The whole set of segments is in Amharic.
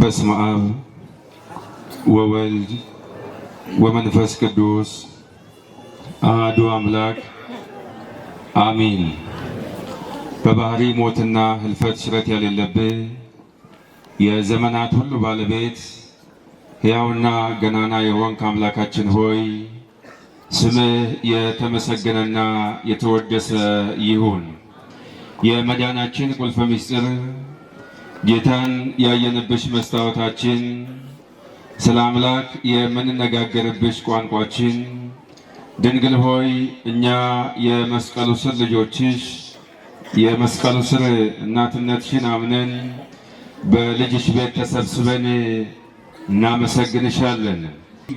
በስመ አብ ወወልድ ወመንፈስ ቅዱስ አሐዱ አምላክ አሚን። በባህሪ ሞትና ህልፈት ሽረት የሌለብህ የዘመናት ሁሉ ባለቤት ሕያውና ገናና የሆንክ አምላካችን ሆይ ስምህ የተመሰገነና የተወደሰ ይሁን። የመዳናችን ቁልፍ ምስጢር ጌታን ያየንብሽ መስታወታችን፣ ስለ አምላክ የምንነጋገርብሽ ቋንቋችን፣ ድንግል ሆይ እኛ የመስቀሉ ስር ልጆችሽ የመስቀሉ ስር እናትነትሽን አምነን በልጅሽ ቤት ተሰብስበን እናመሰግንሻለን።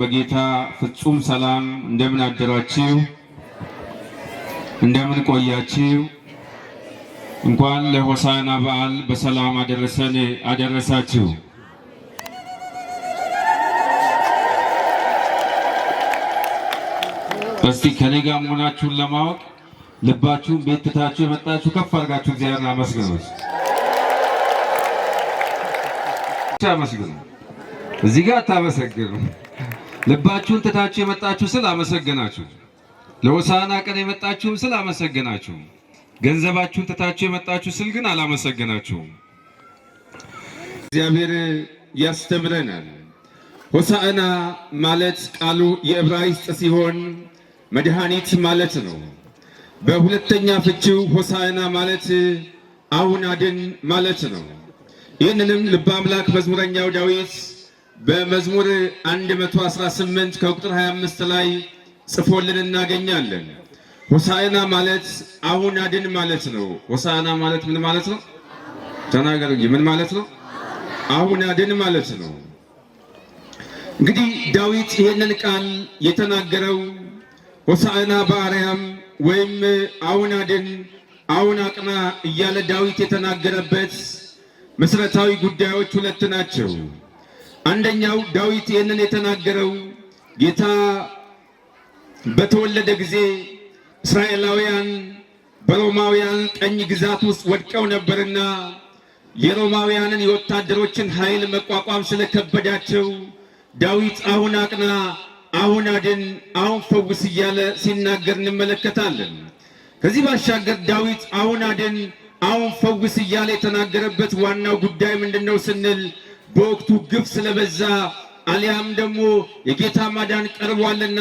በጌታ ፍጹም ሰላም እንደምን አደራችሁ? እንደምን ቆያችሁ? እንኳን ለሆሳና በዓል በሰላም አደረሰን አደረሳችሁ። እስቲ ከኔ ጋር መሆናችሁን ለማወቅ ልባችሁን ቤት ትታችሁ የመጣችሁ ከፍ አድርጋችሁ እግዚአብሔር አመስግኑት፣ አመስግኑ። እዚህ ጋር አታመሰግኑ። ልባችሁን ትታችሁ የመጣችሁ አመሰግናችሁ። ለሆሳና ቀን የመጣችሁም ስላመሰገናችሁ ገንዘባችሁን ትታችሁ የመጣችሁ ስል ግን አላመሰገናችሁም። እግዚአብሔር ያስተምረናል። ሆሳዕና ማለት ቃሉ የዕብራይስጥ ሲሆን መድኃኒት ማለት ነው። በሁለተኛ ፍቺው ሆሳዕና ማለት አሁን አድን ማለት ነው። ይህንንም ልበ አምላክ መዝሙረኛው ዳዊት በመዝሙር 118 ከቁጥር 25 ላይ ጽፎልን እናገኛለን። ሆሳዕና ማለት አሁን አድን ማለት ነው። ሆሳዕና ማለት ምን ማለት ነው? ተናገሩ እንጂ ምን ማለት ነው? አሁን አድን ማለት ነው። እንግዲህ ዳዊት ይህንን ቃል የተናገረው ሆሳዕና በአርያም ወይም አሁን አድን፣ አሁን አቅና እያለ ዳዊት የተናገረበት መሰረታዊ ጉዳዮች ሁለት ናቸው። አንደኛው ዳዊት ይህንን የተናገረው ጌታ በተወለደ ጊዜ እስራኤላውያን በሮማውያን ቀኝ ግዛት ውስጥ ወድቀው ነበርና የሮማውያንን የወታደሮችን ኃይል መቋቋም ስለከበዳቸው ዳዊት አሁን አቅና፣ አሁን አድን፣ አሁን ፈውስ እያለ ሲናገር እንመለከታለን። ከዚህ ባሻገር ዳዊት አሁን አድን፣ አሁን ፈውስ እያለ የተናገረበት ዋናው ጉዳይ ምንድን ነው ስንል በወቅቱ ግፍ ስለበዛ አሊያም ደግሞ የጌታ ማዳን ቀርቧልና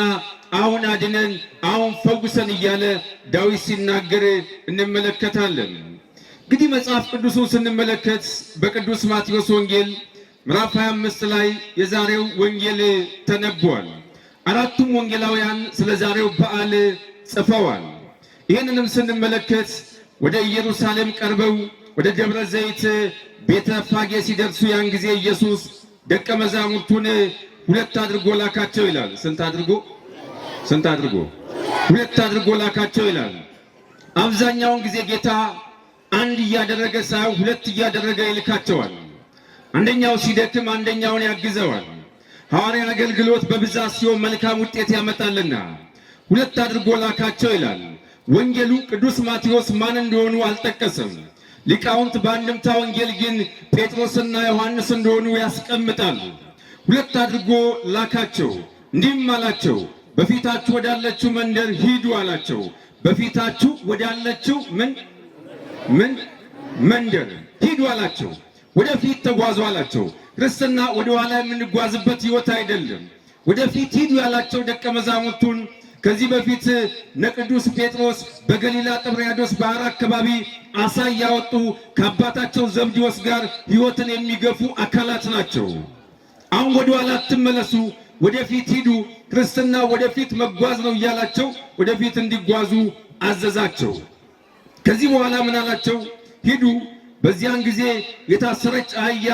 አሁን አድነን፣ አሁን ፈውሰን እያለ ዳዊት ሲናገር እንመለከታለን። እንግዲህ መጽሐፍ ቅዱሱን ስንመለከት በቅዱስ ማቴዎስ ወንጌል ምዕራፍ 25 ላይ የዛሬው ወንጌል ተነቧል። አራቱም ወንጌላውያን ስለ ዛሬው በዓል ጽፈዋል። ይህንንም ስንመለከት ወደ ኢየሩሳሌም ቀርበው ወደ ደብረ ዘይት ቤተ ፋጌ ሲደርሱ ያን ጊዜ ኢየሱስ ደቀ መዛሙርቱን ሁለት አድርጎ ላካቸው ይላል። ስንት አድርጎ ስንት አድርጎ? ሁለት አድርጎ ላካቸው ይላል። አብዛኛውን ጊዜ ጌታ አንድ እያደረገ ሳይሆን ሁለት እያደረገ ይልካቸዋል። አንደኛው ሲደክም አንደኛውን ያግዘዋል። ሐዋርያ አገልግሎት በብዛት ሲሆን መልካም ውጤት ያመጣልና ሁለት አድርጎ ላካቸው ይላል። ወንጌሉ ቅዱስ ማቴዎስ ማን እንደሆኑ አልጠቀሰም። ሊቃውንት በአንድምታ ወንጌል ግን ጴጥሮስና ዮሐንስ እንደሆኑ ያስቀምጣል። ሁለት አድርጎ ላካቸው፣ እንዲህም አላቸው በፊታችሁ ወዳለችው መንደር ሂዱ አላቸው። በፊታችሁ ወዳለችው ምን ምን መንደር ሂዱ አላቸው። ወደፊት ተጓዙ አላቸው። ክርስትና ወደ ኋላ የምንጓዝበት ሕይወት አይደለም። ወደፊት ሂዱ ያላቸው ደቀ መዛሙርቱን ከዚህ በፊት ነቅዱስ ጴጥሮስ በገሊላ ጥብርያዶስ ባህር አካባቢ አሳ እያወጡ ከአባታቸው ዘብዲዎስ ጋር ሕይወትን የሚገፉ አካላት ናቸው። አሁን ወደ ኋላ አትመለሱ፣ ወደፊት ሂዱ፣ ክርስትና ወደፊት መጓዝ ነው እያላቸው ወደፊት እንዲጓዙ አዘዛቸው። ከዚህ በኋላ ምን አላቸው? ሂዱ፣ በዚያን ጊዜ የታሰረች አህያ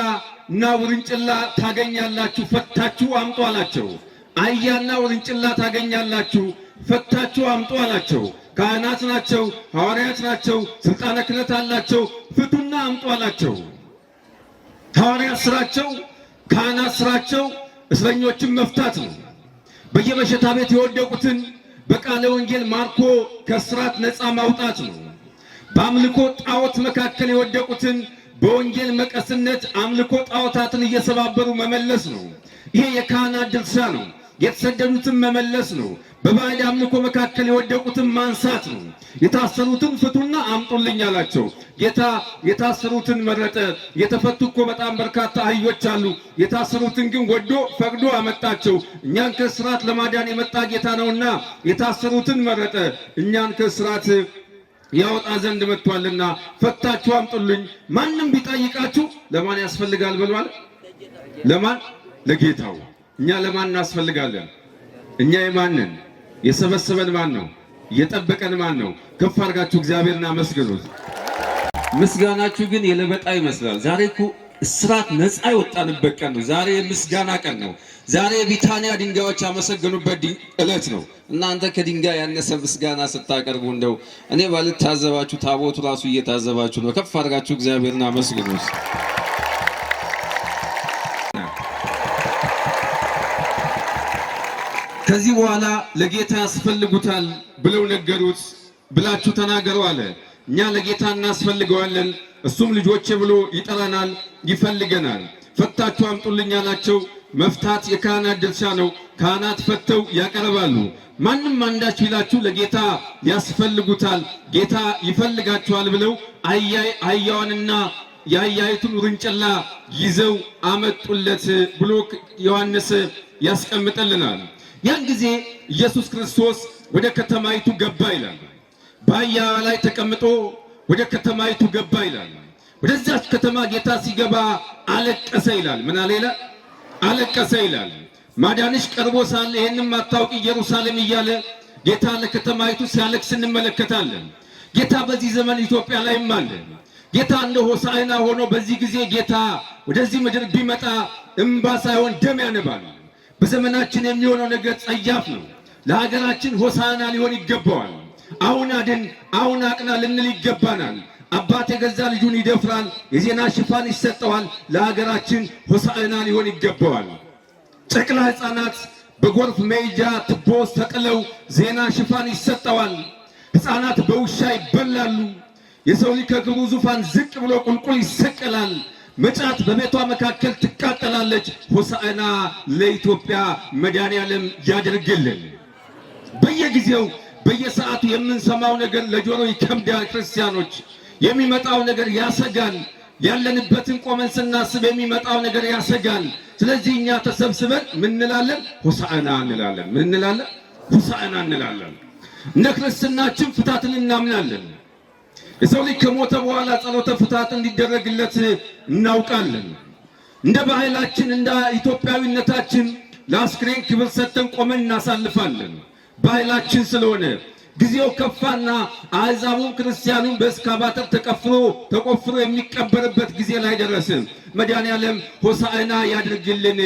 እና ውርንጭላ ታገኛላችሁ፣ ፈታችሁ አምጡ አላቸው። አህያና ውርንጭላ ታገኛላችሁ፣ ፈታችሁ አምጡ አላቸው። ካህናት ናቸው፣ ሐዋርያት ናቸው፣ ስልጣን ክህነት አላቸው። ፍቱና አምጡ አላቸው። ሐዋርያት ስራቸው፣ ካህናት ስራቸው እስረኞችን መፍታት ነው። በየበሽታ ቤት የወደቁትን በቃለ ወንጌል ማርኮ ከስራት ነፃ ማውጣት ነው። በአምልኮ ጣዖት መካከል የወደቁትን በወንጌል መቀስነት አምልኮ ጣዖታትን እየሰባበሩ መመለስ ነው። ይሄ የካህናት ድርሻ ነው። የተሰደዱትን መመለስ ነው። በባዕድ አምልኮ መካከል የወደቁትን ማንሳት ነው። የታሰሩትን ፍቱና አምጡልኝ አላቸው። ጌታ የታሰሩትን መረጠ። የተፈቱ እኮ በጣም በርካታ አህዮች አሉ። የታሰሩትን ግን ወዶ ፈቅዶ አመጣቸው። እኛን ከስራት ለማዳን የመጣ ጌታ ነውና የታሰሩትን መረጠ። እኛን ከስራት ያወጣ ዘንድ መጥቷልና ፈታችሁ አምጡልኝ። ማንም ቢጠይቃችሁ ለማን ያስፈልጋል ብሏል? ለማን? ለጌታው እኛ ለማን እናስፈልጋለን? እኛ የማንን የሰበሰበን ማን ነው? የጠበቀን ማን ነው? ከፍ አድርጋችሁ እግዚአብሔርን አመስግኑት። ምስጋናችሁ ግን የለበጣ ይመስላል። ዛሬ እኮ እስራት ነፃ የወጣንበት ቀን ነው። ዛሬ የምስጋና ቀን ነው። ዛሬ የቢታንያ ድንጋዮች ያመሰገኑበት እለት ነው። እናንተ ከድንጋይ ያነሰ ምስጋና ስታቀርቡ እንደው እኔ ባልታዘባችሁ ታቦቱ ራሱ እየታዘባችሁ ነው። ከፍ አድርጋችሁ እግዚአብሔርን አመስግኑት። ከዚህ በኋላ ለጌታ ያስፈልጉታል ብለው ነገሩት ብላችሁ ተናገሩ አለ። እኛ ለጌታ እናስፈልገዋለን፣ እሱም ልጆቼ ብሎ ይጠራናል፣ ይፈልገናል። ፈታችሁ አምጡልኝ አላቸው። መፍታት የካህናት ድርሻ ነው። ካህናት ፈተው ያቀርባሉ። ማንም አንዳች ቢላችሁ ለጌታ ያስፈልጉታል፣ ጌታ ይፈልጋችኋል ብለው አህያዋንና የአህያይቱን ውርንጭላ ይዘው አመጡለት ብሎ ዮሐንስ ያስቀምጥልናል። ያን ጊዜ ኢየሱስ ክርስቶስ ወደ ከተማይቱ ገባ ይላል። በአህያ ላይ ተቀምጦ ወደ ከተማይቱ ገባ ይላል። ወደዚያች ከተማ ጌታ ሲገባ አለቀሰ ይላል። ምን አለ? አለቀሰ ይላል። ማዳንሽ ቀርቦ ሳለ ይህንም አታውቂ ኢየሩሳሌም እያለ ጌታ ለከተማይቱ ሲያለቅስ እንመለከታለን። ጌታ በዚህ ዘመን ኢትዮጵያ ላይም አለ። ጌታ እንደ ሆሳዕና ሆኖ በዚህ ጊዜ ጌታ ወደዚህ ምድር ቢመጣ እምባ ሳይሆን ደም ያነባል። በዘመናችን የሚሆነው ነገር ጸያፍ ነው። ለሀገራችን ሆሳና ሊሆን ይገባዋል። አሁን አድን፣ አሁን አቅና ልንል ይገባናል። አባት የገዛ ልጁን ይደፍራል፣ የዜና ሽፋን ይሰጠዋል። ለሀገራችን ሆሳዕና ሊሆን ይገባዋል። ጨቅላ ሕፃናት በጎርፍ መይጃ ትቦ ተጥለው ዜና ሽፋን ይሰጠዋል። ሕፃናት በውሻ ይበላሉ። የሰው ልጅ ከክብሩ ዙፋን ዝቅ ብሎ ቁልቁል ይሰቀላል። መጫት በቤቷ መካከል ትቃጠላለች። ሆሳዕና ለኢትዮጵያ መድኃኔዓለም ያደርግልን። በየጊዜው በየሰዓቱ የምንሰማው ነገር ለጆሮ ይከብዳል። ክርስቲያኖች የሚመጣው ነገር ያሰጋል። ያለንበትን ቆመን ስናስብ የሚመጣው ነገር ያሰጋል። ስለዚህ እኛ ተሰብስበን ምን እንላለን? ሆሳዕና እንላለን። ምን እንላለን? ሆሳዕና እንላለን። እንደ ክርስትናችን ፍታትን እናምናለን። የሰው ልጅ ከሞተ በኋላ ጸሎተ ፍትሐት እንዲደረግለት እናውቃለን። እንደ ባህላችን እንደ ኢትዮጵያዊነታችን ለአስክሬን ክብር ሰጥተን ቆመን እናሳልፋለን። ባህላችን ስለሆነ ጊዜው ከፋና አሕዛቡም ክርስቲያኑም በእስካባተር ተቀፍሮ ተቆፍሮ የሚቀበርበት ጊዜ ላይ ደረስን። መድኃኔዓለም ሆሳዕና ያድርግልን።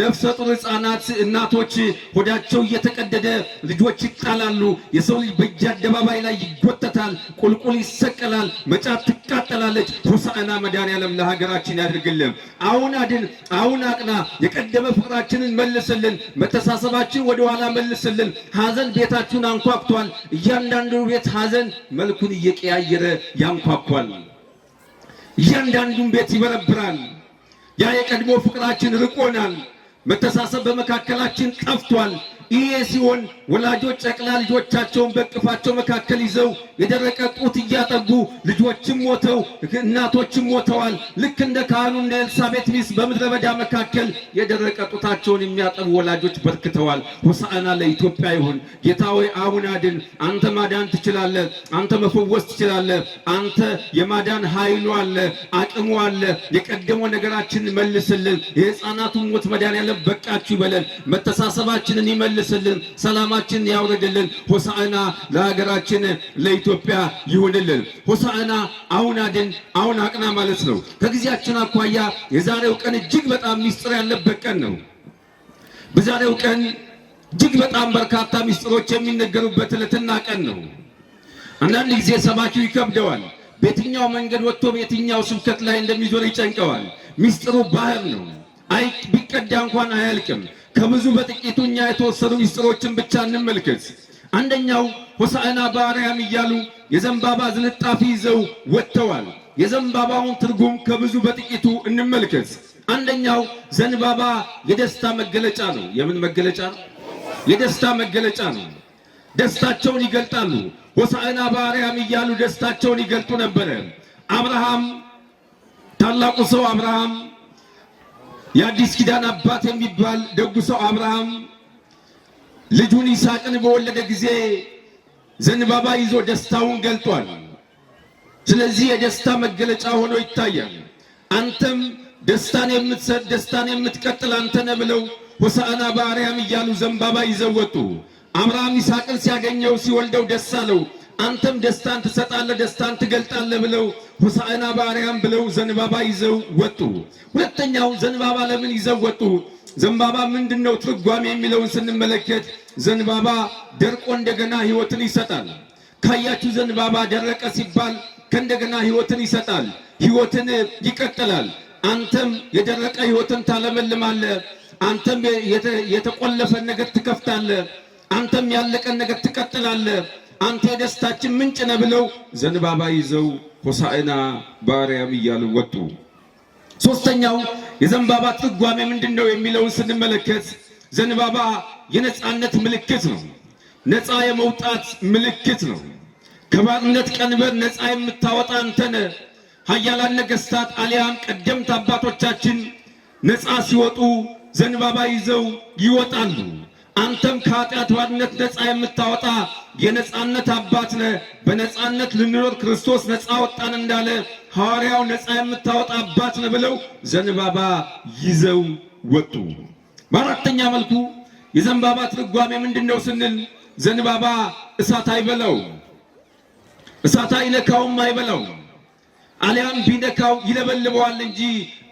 ነፍሰ ጡር ህጻናት እናቶች ሆዳቸው እየተቀደደ ልጆች ይጣላሉ። የሰው ልጅ በእጅ አደባባይ ላይ ይጎተታል፣ ቁልቁል ይሰቀላል፣ መጫት ትቃጠላለች። ሆሳዕና መድኃኔዓለም ለሀገራችን ያድርግልን። አሁን አድን፣ አሁን አቅና፣ የቀደመ ፍቅራችንን መልስልን፣ መተሳሰባችን ወደኋላ መልስልን። ሀዘን ቤታችሁን አንኳኩቷል። እያንዳንዱ ቤት ሀዘን መልኩን እየቀያየረ ያንኳኳል። እያንዳንዱን ቤት ይበረብራል። ያ የቀድሞ ፍቅራችን ርቆናል። መተሳሰብ በመካከላችን ጠፍቷል። ይሄ ሲሆን ወላጆች ጨቅላ ልጆቻቸውን በቅፋቸው መካከል ይዘው የደረቀ ጡት እያጠቡ ልጆችም ሞተው እናቶችም ሞተዋል። ልክ እንደ ካህኑ እንደ ኤልሳቤት ሚስት በምድረ በዳ መካከል የደረቀ ጡታቸውን የሚያጠቡ ወላጆች በርክተዋል። ሆሳዕና ለኢትዮጵያ ይሁን። ጌታ ሆይ አሁን አድን። አንተ ማዳን ትችላለህ። አንተ መፈወስ ትችላለህ። አንተ የማዳን ኃይሉ አለ፣ አቅሙ አለ። የቀደመው ነገራችን መልስልን። የህፃናቱን ሞት መዳን ያለን በቃችሁ ይበለን። መተሳሰባችንን ይመልስልን። ሰላማ በዓላችን ያውረድልን። ሆሳዕና ለሀገራችን ለኢትዮጵያ ይሁንልን። ሆሳዕና አሁን አድን፣ አሁን አቅና ማለት ነው። ከጊዜያችን አኳያ የዛሬው ቀን እጅግ በጣም ሚስጥር ያለበት ቀን ነው። በዛሬው ቀን እጅግ በጣም በርካታ ሚስጥሮች የሚነገሩበት ዕለትና ቀን ነው። አንዳንድ ጊዜ ሰባኪው ይከብደዋል። በየትኛው መንገድ ወጥቶ በየትኛው ስብከት ላይ እንደሚዞር ይጨንቀዋል። ሚስጥሩ ባህር ነው። አይ ቢቀዳ እንኳን አያልቅም። ከብዙ በጥቂቱ እኛ የተወሰኑ ምስጢሮችን ብቻ እንመልከት። አንደኛው ሆሳዕና በአርያም እያሉ የዘንባባ ዝንጣፊ ይዘው ወጥተዋል። የዘንባባውን ትርጉም ከብዙ በጥቂቱ እንመልከት። አንደኛው ዘንባባ የደስታ መገለጫ ነው። የምን መገለጫ ነው? የደስታ መገለጫ ነው። ደስታቸውን ይገልጣሉ። ሆሳዕና በአርያም እያሉ ደስታቸውን ይገልጡ ነበረ። አብርሃም ታላቁ ሰው አብርሃም የአዲስ ኪዳን አባት የሚባል ደጉ ሰው አብርሃም ልጁን ይስሐቅን በወለደ ጊዜ ዘንባባ ይዞ ደስታውን ገልጧል። ስለዚህ የደስታ መገለጫ ሆኖ ይታያል። አንተም ደስታን የምትሰጥ ደስታን የምትቀጥል አንተ ነህ ብለው ሆሳዕና በአርያም እያሉ ዘንባባ ይዘወጡ። አብርሃም ይስሐቅን ሲያገኘው ሲወልደው ደስ አለው። አንተም ደስታን ትሰጣለህ፣ ደስታን ትገልጣለህ ብለው ሆሳዕና በአርያም ብለው ዘንባባ ይዘው ወጡ። ሁለተኛው ዘንባባ ለምን ይዘው ወጡ? ዘንባባ ምንድን ነው ትርጓሜ የሚለውን ስንመለከት ዘንባባ ደርቆ እንደገና ህይወትን ይሰጣል። ካያችሁ ዘንባባ ደረቀ ሲባል ከእንደገና ህይወትን ይሰጣል፣ ህይወትን ይቀጥላል። አንተም የደረቀ ህይወትን ታለመልማለህ። አንተም የተቆለፈን ነገር ትከፍታለህ። አንተም ያለቀን ነገር ትቀጥላለህ። አንተ ደስታችን ምንጭ ነህ ብለው ዘንባባ ይዘው ሆሳዕና በአርያም እያሉ ወጡ። ሶስተኛው የዘንባባ ትርጓሜ ምንድን ነው የሚለውን ስንመለከት ዘንባባ የነፃነት ምልክት ነው። ነፃ የመውጣት ምልክት ነው። ከባርነት ቀንበር ነፃ የምታወጣ አንተነ ኃያላን ነገሥታት አሊያም ቀደምት አባቶቻችን ነፃ ሲወጡ ዘንባባ ይዘው ይወጣሉ። አንተም ከኃጢአት ባርነት ነፃ የምታወጣ የነፃነት አባት ነ በነፃነት ልንኖር ክርስቶስ ነፃ ወጣን እንዳለ ሐዋርያው ነፃ የምታወጣ አባት ነ ብለው ዘንባባ ይዘው ወጡ። በአራተኛ መልኩ የዘንባባ ትርጓሜ ምንድን ነው ስንል ዘንባባ እሳት አይበለው፣ እሳት አይነካውም፣ አይበለው፣ አሊያም ቢነካው ይለበልበዋል እንጂ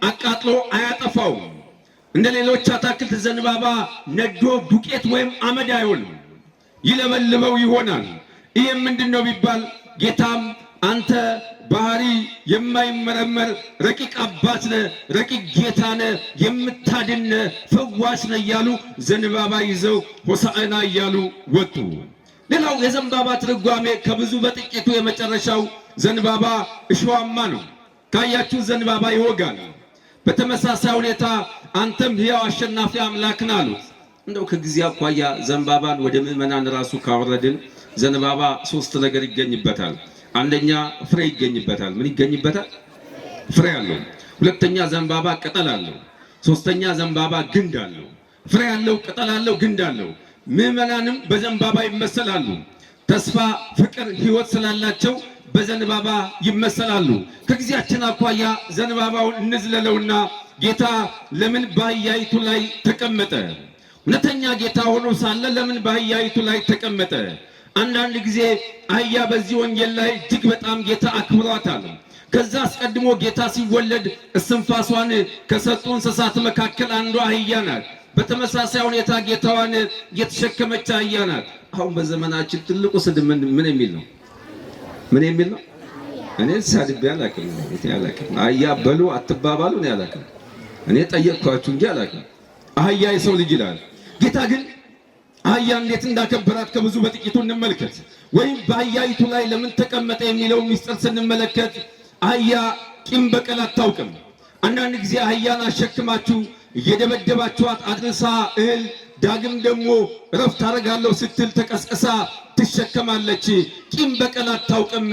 አቃጥሎ አያጠፋው። እንደ ሌሎች አታክልት ዘንባባ ነዶ ዱቄት ወይም አመድ አይሆንም፣ ይለበልበው ይሆናል። ይህም ምንድን ነው ቢባል ጌታም አንተ ባህሪ የማይመረመር ረቂቅ አባት ነ ረቂቅ ጌታ ነ የምታድነ ፈዋሽ ነ እያሉ ዘንባባ ይዘው ሆሳዕና እያሉ ወጡ። ሌላው የዘንባባ ትርጓሜ ከብዙ በጥቂቱ የመጨረሻው ዘንባባ እሾሃማ ነው። ካያችሁ ዘንባባ ይወጋል። በተመሳሳይ ሁኔታ አንተም ሕያው አሸናፊ አምላክ ነህ አሉት። እንደው ከጊዜ አኳያ ዘንባባን ወደ ምዕመናን ራሱ ካወረድን ዘንባባ ሶስት ነገር ይገኝበታል። አንደኛ ፍሬ ይገኝበታል። ምን ይገኝበታል? ፍሬ አለው። ሁለተኛ ዘንባባ ቅጠል አለው። ሶስተኛ ዘንባባ ግንድ አለው። ፍሬ አለው፣ ቅጠል አለው፣ ግንድ አለው። ምዕመናንም በዘንባባ ይመሰላሉ። ተስፋ፣ ፍቅር፣ ህይወት ስላላቸው በዘንባባ ይመሰላሉ። ከጊዜያችን አኳያ ዘንባባው እንዝለለውና ጌታ ለምን በአህያይቱ ላይ ተቀመጠ? ሁለተኛ ጌታ ሆኖ ሳለ ለምን በአህያይቱ ላይ ተቀመጠ? አንዳንድ ጊዜ አህያ በዚህ ወንጌል ላይ እጅግ በጣም ጌታ አክብሯታል። ከዛ አስቀድሞ ጌታ ሲወለድ እስንፋሷን ከሰጡ እንስሳት መካከል አንዷ አህያ ናት። በተመሳሳይ ሁኔታ ጌታዋን የተሸከመች አህያ ናት። አሁን በዘመናችን ትልቁ ስድብ ምን የሚል ነው? ምን የሚል ነው? እኔ ተሳድቤ አላውቅም። እኔ አላውቅም። አህያ በሉ አትባባሉ። እኔ አላውቅም። እኔ ጠየቅኳችሁ እንጂ አላውቅም። አህያ የሰው ልጅ ይላል ጌታ ግን አህያ እንዴት እንዳከበራት ከብዙ በጥቂቱ እንመልከት። ወይም በአህያይቱ ላይ ለምን ተቀመጠ የሚለው ሚስጥር ስንመለከት አህያ ቂም በቀል አታውቅም። አንዳንድ ጊዜ አህያን አሸክማችሁ እየደበደባችኋት አድርሳ እህል ዳግም ደግሞ እረፍት አደርጋለሁ ስትል ተቀስቅሳ ትሸከማለች። ቂም በቀል አታውቅም።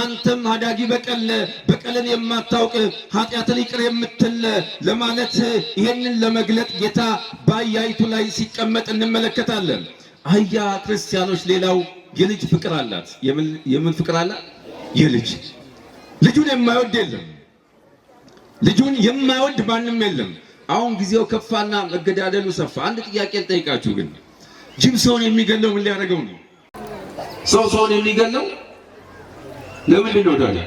አንተም አዳጊ በቀል በቀልን የማታውቅ ኃጢአትን ይቅር የምትል ለማለት ይህንን ለመግለጥ ጌታ በአያይቱ ላይ ሲቀመጥ እንመለከታለን። አህያ ክርስቲያኖች ሌላው የልጅ ፍቅር አላት። የምን ፍቅር አላት? የልጅ ልጁን የማይወድ የለም። ልጁን የማይወድ ማንም የለም። አሁን ጊዜው ከፋና መገዳደሉ ሰፋ። አንድ ጥያቄ ልጠይቃችሁ ግን ጅብ ሰውን የሚገለው ምን ሊያደርገው ነው? ሰው ሰውን የሚገለው ለምንድን ነው ታዲያ?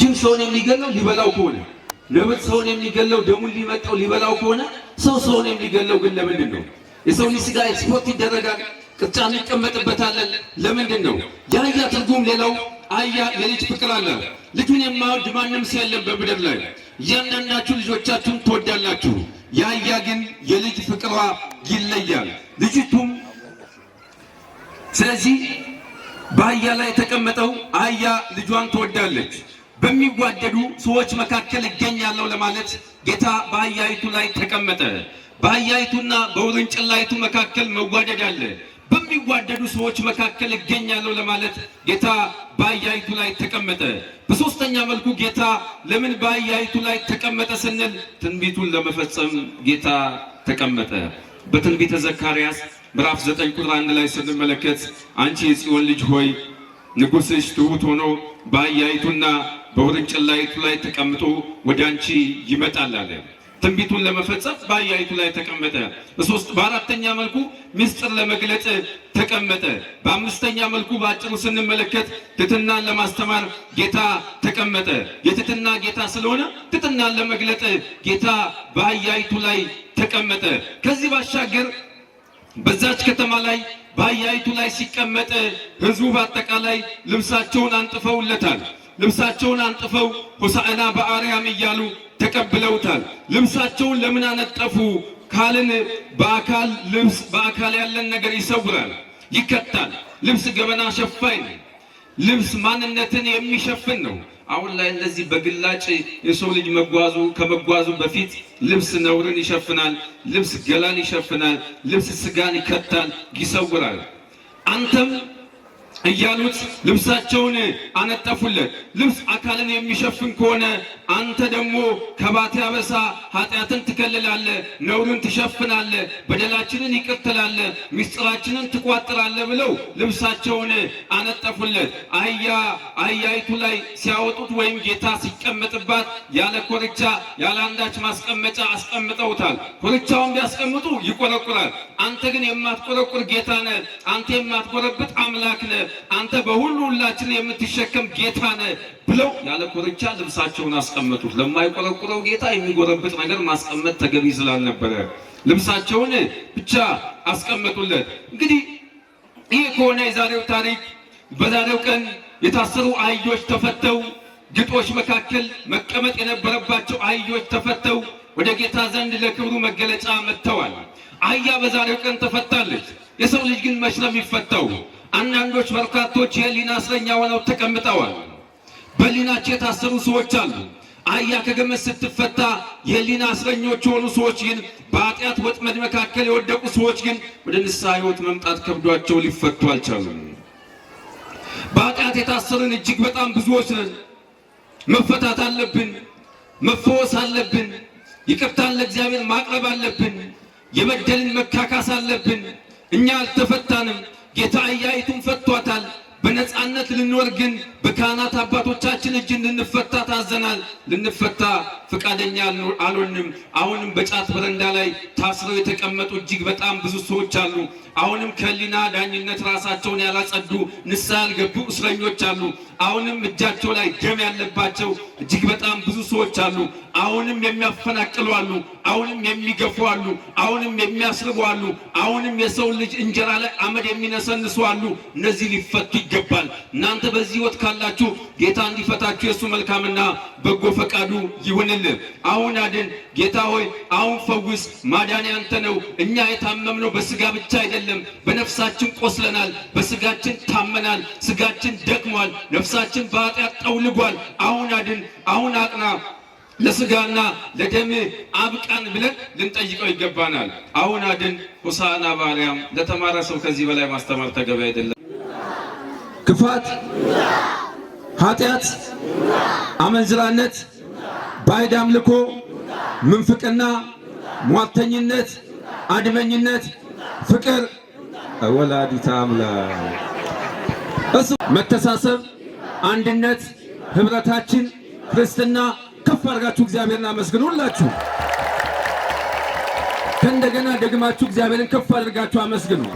ጅብ ሰውን የሚገለው ሊበላው ከሆነ ነብር ሰውን የሚገለው ደሙን ሊመጣው ሊበላው ከሆነ ሰው ሰውን የሚገለው ግን ለምንድን ነው? የሰው ልጅ ስጋ ኤክስፖርት ይደረጋል፣ ቅርጫ እንቀመጥበታለን ለምንድን ነው? የአያ ትርጉም ሌላው አያ የልጅ ፍቅር አለ። ልጁን የማወድ ማንም ሰው የለም በምድር ላይ። እያንዳንዳችሁ ልጆቻችሁን ትወዳላችሁ። የአያ ግን የልጅ ፍቅሯ ይለያል ልጅቱም ስለዚህ በአህያ ላይ የተቀመጠው አህያ ልጇን ትወዳለች፣ በሚዋደዱ ሰዎች መካከል እገኛለሁ ለማለት ጌታ በአህያይቱ ላይ ተቀመጠ። በአህያይቱና በውርንጭላይቱ መካከል መዋደድ አለ። በሚዋደዱ ሰዎች መካከል እገኛለሁ ለማለት ጌታ በአህያይቱ ላይ ተቀመጠ። በሶስተኛ መልኩ ጌታ ለምን በአህያይቱ ላይ ተቀመጠ ስንል ትንቢቱን ለመፈጸም ጌታ ተቀመጠ። በትንቢተ ዘካርያስ ምዕራፍ 9 ቁጥር 1 ላይ ስንመለከት አንቺ የጽዮን ልጅ ሆይ ንጉሥሽ ትሑት ሆኖ በአህያይቱና በውርንጭላይቱ ላይ ተቀምጦ ወደ አንቺ ይመጣል አለ። ትንቢቱን ለመፈጸም በአህያይቱ ላይ ተቀመጠ። በሶስት በአራተኛ መልኩ ምስጢር ለመግለጥ ተቀመጠ። በአምስተኛ መልኩ በአጭሩ ስንመለከት ትትናን ለማስተማር ጌታ ተቀመጠ። የትትና ጌታ ስለሆነ ትሕትናን ለመግለጥ ጌታ በአህያይቱ ላይ ተቀመጠ። ከዚህ ባሻገር በዛች ከተማ ላይ በአህያይቱ ላይ ሲቀመጥ ህዝቡ በአጠቃላይ ልብሳቸውን አንጥፈውለታል። ልብሳቸውን አንጥፈው ሆሳዕና በአርያም እያሉ ተቀብለውታል። ልብሳቸውን ለምን አነጠፉ ካልን በአካል ልብስ በአካል ያለን ነገር ይሰውራል፣ ይከታል። ልብስ ገበና ሸፋይ ነው። ልብስ ማንነትን የሚሸፍን ነው። አሁን ላይ እንደዚህ በግላጭ የሰው ልጅ መጓዙ ከመጓዙ በፊት ልብስ ነውርን ይሸፍናል፣ ልብስ ገላን ይሸፍናል፣ ልብስ ስጋን ይከታል፣ ይሰውራል። አንተም እያሉት ልብሳቸውን አነጠፉለት። ልብስ አካልን የሚሸፍን ከሆነ አንተ ደግሞ ከባት ያበሳ ኃጢአትን ትከልላለ፣ ነውርን ትሸፍናለ፣ በደላችንን ይቅርትላለ፣ ምስጢራችንን ትቋጥራለ ብለው ልብሳቸውን አነጠፉለት። አህያ አህያይቱ ላይ ሲያወጡት ወይም ጌታ ሲቀመጥባት ያለ ኮርቻ ያለ አንዳች ማስቀመጫ አስቀምጠውታል። ኮርቻውን ቢያስቀምጡ ይቆረቁራል። አንተ ግን የማትቆረቁር ጌታ ነህ። አንተ የማትጎረብጥ አምላክ ነህ። አንተ በሁሉ ሁላችን የምትሸከም ጌታ ነህ ብለው ያለ ኮርቻ ልብሳቸውን አስቀመጡት። ለማይቆረቁረው ጌታ የሚጎረብጥ ነገር ማስቀመጥ ተገቢ ስላልነበረ ልብሳቸውን ብቻ አስቀመጡለት። እንግዲህ ይህ ከሆነ የዛሬው ታሪክ በዛሬው ቀን የታሰሩ አህዮች ተፈተው ግጦሽ መካከል መቀመጥ የነበረባቸው አህዮች ተፈተው ወደ ጌታ ዘንድ ለክብሩ መገለጫ መጥተዋል። አህያ በዛሬው ቀን ተፈታለች። የሰው ልጅ ግን መች ነው የሚፈታው? አንዳንዶች በርካቶች የህሊና እስረኛ ሆነው ተቀምጠዋል። በህሊናቸው የታሰሩ ሰዎች አሉ። አህያ ከገመድ ስትፈታ የህሊና እስረኞች የሆኑ ሰዎች ግን፣ በኃጢአት ወጥመድ መካከል የወደቁ ሰዎች ግን ወደ ንስሐ ህይወት መምጣት ከብዷቸው ሊፈቱ አልቻሉም። በኃጢአት የታሰርን እጅግ በጣም ብዙዎች ነን። መፈታት አለብን። መፈወስ አለብን። ይቅርታን ለእግዚአብሔር ማቅረብ አለብን። የበደልን መካካስ አለብን። እኛ አልተፈታንም። ጌታ አህያይቱን ፈቷታል። በነፃነት ልንኖር ግን በካህናት አባቶቻችን እጅ ልንፈታ ታዘናል። ልንፈታ ፈቃደኛ አልሆንም። አሁንም በጫት በረንዳ ላይ ታስረው የተቀመጡ እጅግ በጣም ብዙ ሰዎች አሉ። አሁንም ከህሊና ዳኝነት ራሳቸውን ያላጸዱ ንስሐ ያልገቡ እስረኞች አሉ። አሁንም እጃቸው ላይ ደም ያለባቸው እጅግ በጣም ብዙ ሰዎች አሉ። አሁንም የሚያፈናቅሉ አሉ። አሁንም የሚገፉ አሉ። አሁንም የሚያስርቡ አሉ። አሁንም የሰው ልጅ እንጀራ ላይ አመድ የሚነሰንሱ አሉ። እነዚህ ሊፈቱ ይገባል። እናንተ በዚህ ህይወት ካላችሁ ጌታ እንዲፈታችሁ የእሱ መልካምና በጎ ፈቃዱ ይሁንልን። አሁን አድን፣ ጌታ ሆይ አሁን ፈውስ። ማዳን ያንተ ነው። እኛ የታመምነው በስጋ ብቻ አይደለም። በነፍሳችን ቆስለናል፣ በስጋችን ታመናል፣ ስጋችን ደክሟል፣ ነፍሳችን በኃጢአት ጠውልጓል። አሁን አድን፣ አሁን አቅና ለስጋና ለደም አብቃን ብለን ልንጠይቀው ይገባናል። አሁን አድን ሆሳዕና በአርያም ለተማረ ሰው ከዚህ በላይ ማስተማር ተገቢ አይደለም። ክፋት ኃጢአት፣ አመንዝራነት፣ ባዕድ አምልኮ፣ ምንፍቅና፣ ሟተኝነት፣ አድመኝነት፣ ፍቅር ወላዲተ አምላክ እሱ መተሳሰብ፣ አንድነት፣ ህብረታችን ክርስትና ከፍ አድርጋችሁ እግዚአብሔርን አመስግኑ። ሁላችሁ ከእንደገና ደግማችሁ እግዚአብሔርን ከፍ አድርጋችሁ አመስግኑ።